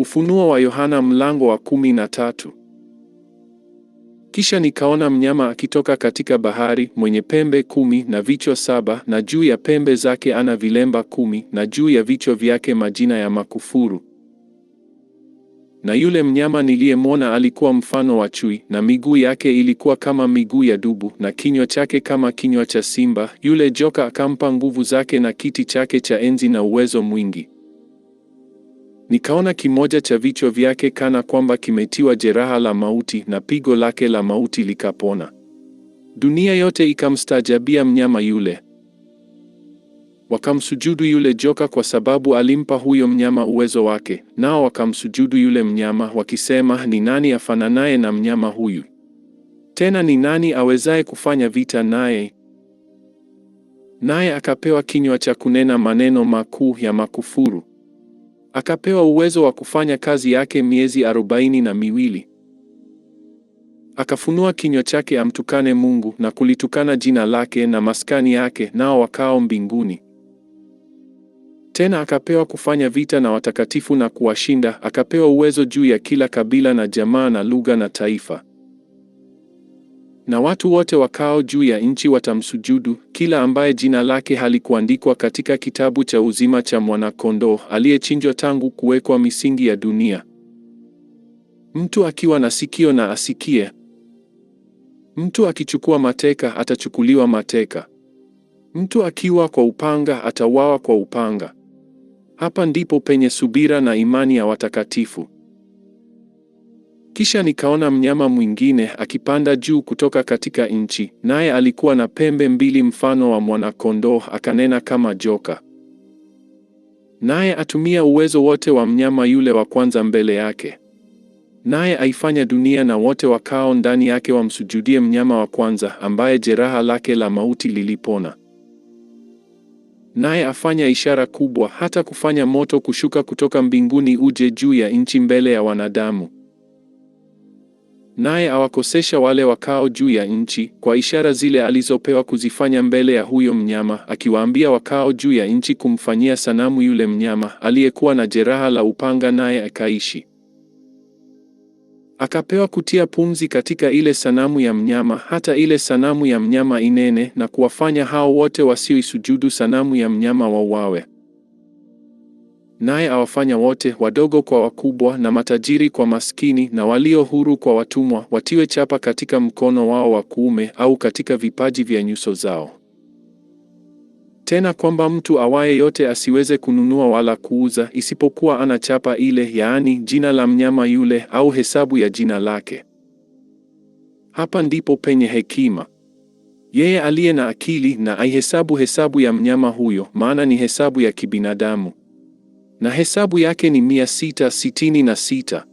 Ufunuo wa Yohana mlango wa kumi na tatu. Kisha nikaona mnyama akitoka katika bahari mwenye pembe kumi na vichwa saba, na juu ya pembe zake ana vilemba kumi, na juu ya vichwa vyake majina ya makufuru. Na yule mnyama niliyemwona alikuwa mfano wa chui, na miguu yake ilikuwa kama miguu ya dubu, na kinywa chake kama kinywa cha simba. Yule joka akampa nguvu zake, na kiti chake cha enzi, na uwezo mwingi. Nikaona kimoja cha vichwa vyake kana kwamba kimetiwa jeraha la mauti, na pigo lake la mauti likapona. Dunia yote ikamstaajabia mnyama yule. Wakamsujudu yule joka kwa sababu alimpa huyo mnyama uwezo wake, nao wakamsujudu yule mnyama wakisema, ni nani afananaye na mnyama huyu? Tena ni nani awezaye kufanya vita naye? Naye akapewa kinywa cha kunena maneno makuu ya makufuru. Akapewa uwezo wa kufanya kazi yake miezi arobaini na miwili. Akafunua kinywa chake amtukane Mungu na kulitukana jina lake na maskani yake nao wakao mbinguni. Tena akapewa kufanya vita na watakatifu na kuwashinda, akapewa uwezo juu ya kila kabila na jamaa na lugha na taifa na watu wote wakao juu ya nchi watamsujudu, kila ambaye jina lake halikuandikwa katika kitabu cha uzima cha mwanakondoo aliyechinjwa tangu kuwekwa misingi ya dunia. Mtu akiwa na sikio na asikie. Mtu akichukua mateka atachukuliwa mateka. Mtu akiwa kwa upanga atauawa kwa upanga. Hapa ndipo penye subira na imani ya watakatifu. Kisha nikaona mnyama mwingine akipanda juu kutoka katika nchi, naye alikuwa na pembe mbili mfano wa mwanakondoo akanena kama joka. Naye atumia uwezo wote wa mnyama yule wa kwanza mbele yake, naye aifanya dunia na wote wakao ndani yake wamsujudie mnyama wa kwanza, ambaye jeraha lake la mauti lilipona. Naye afanya ishara kubwa, hata kufanya moto kushuka kutoka mbinguni uje juu ya nchi mbele ya wanadamu naye awakosesha wale wakao juu ya nchi kwa ishara zile alizopewa kuzifanya mbele ya huyo mnyama, akiwaambia wakao juu ya nchi kumfanyia sanamu yule mnyama aliyekuwa na jeraha la upanga, naye akaishi. Akapewa kutia pumzi katika ile sanamu ya mnyama, hata ile sanamu ya mnyama inene, na kuwafanya hao wote wasioisujudu sanamu ya mnyama wauawe naye awafanya wote, wadogo kwa wakubwa, na matajiri kwa maskini, na walio huru kwa watumwa, watiwe chapa katika mkono wao wa kuume, au katika vipaji vya nyuso zao; tena kwamba mtu awaye yote asiweze kununua wala kuuza, isipokuwa ana chapa ile, yaani jina la mnyama yule, au hesabu ya jina lake. Hapa ndipo penye hekima. Yeye aliye na akili na aihesabu hesabu ya mnyama huyo, maana ni hesabu ya kibinadamu na hesabu yake ni mia sita sitini na sita.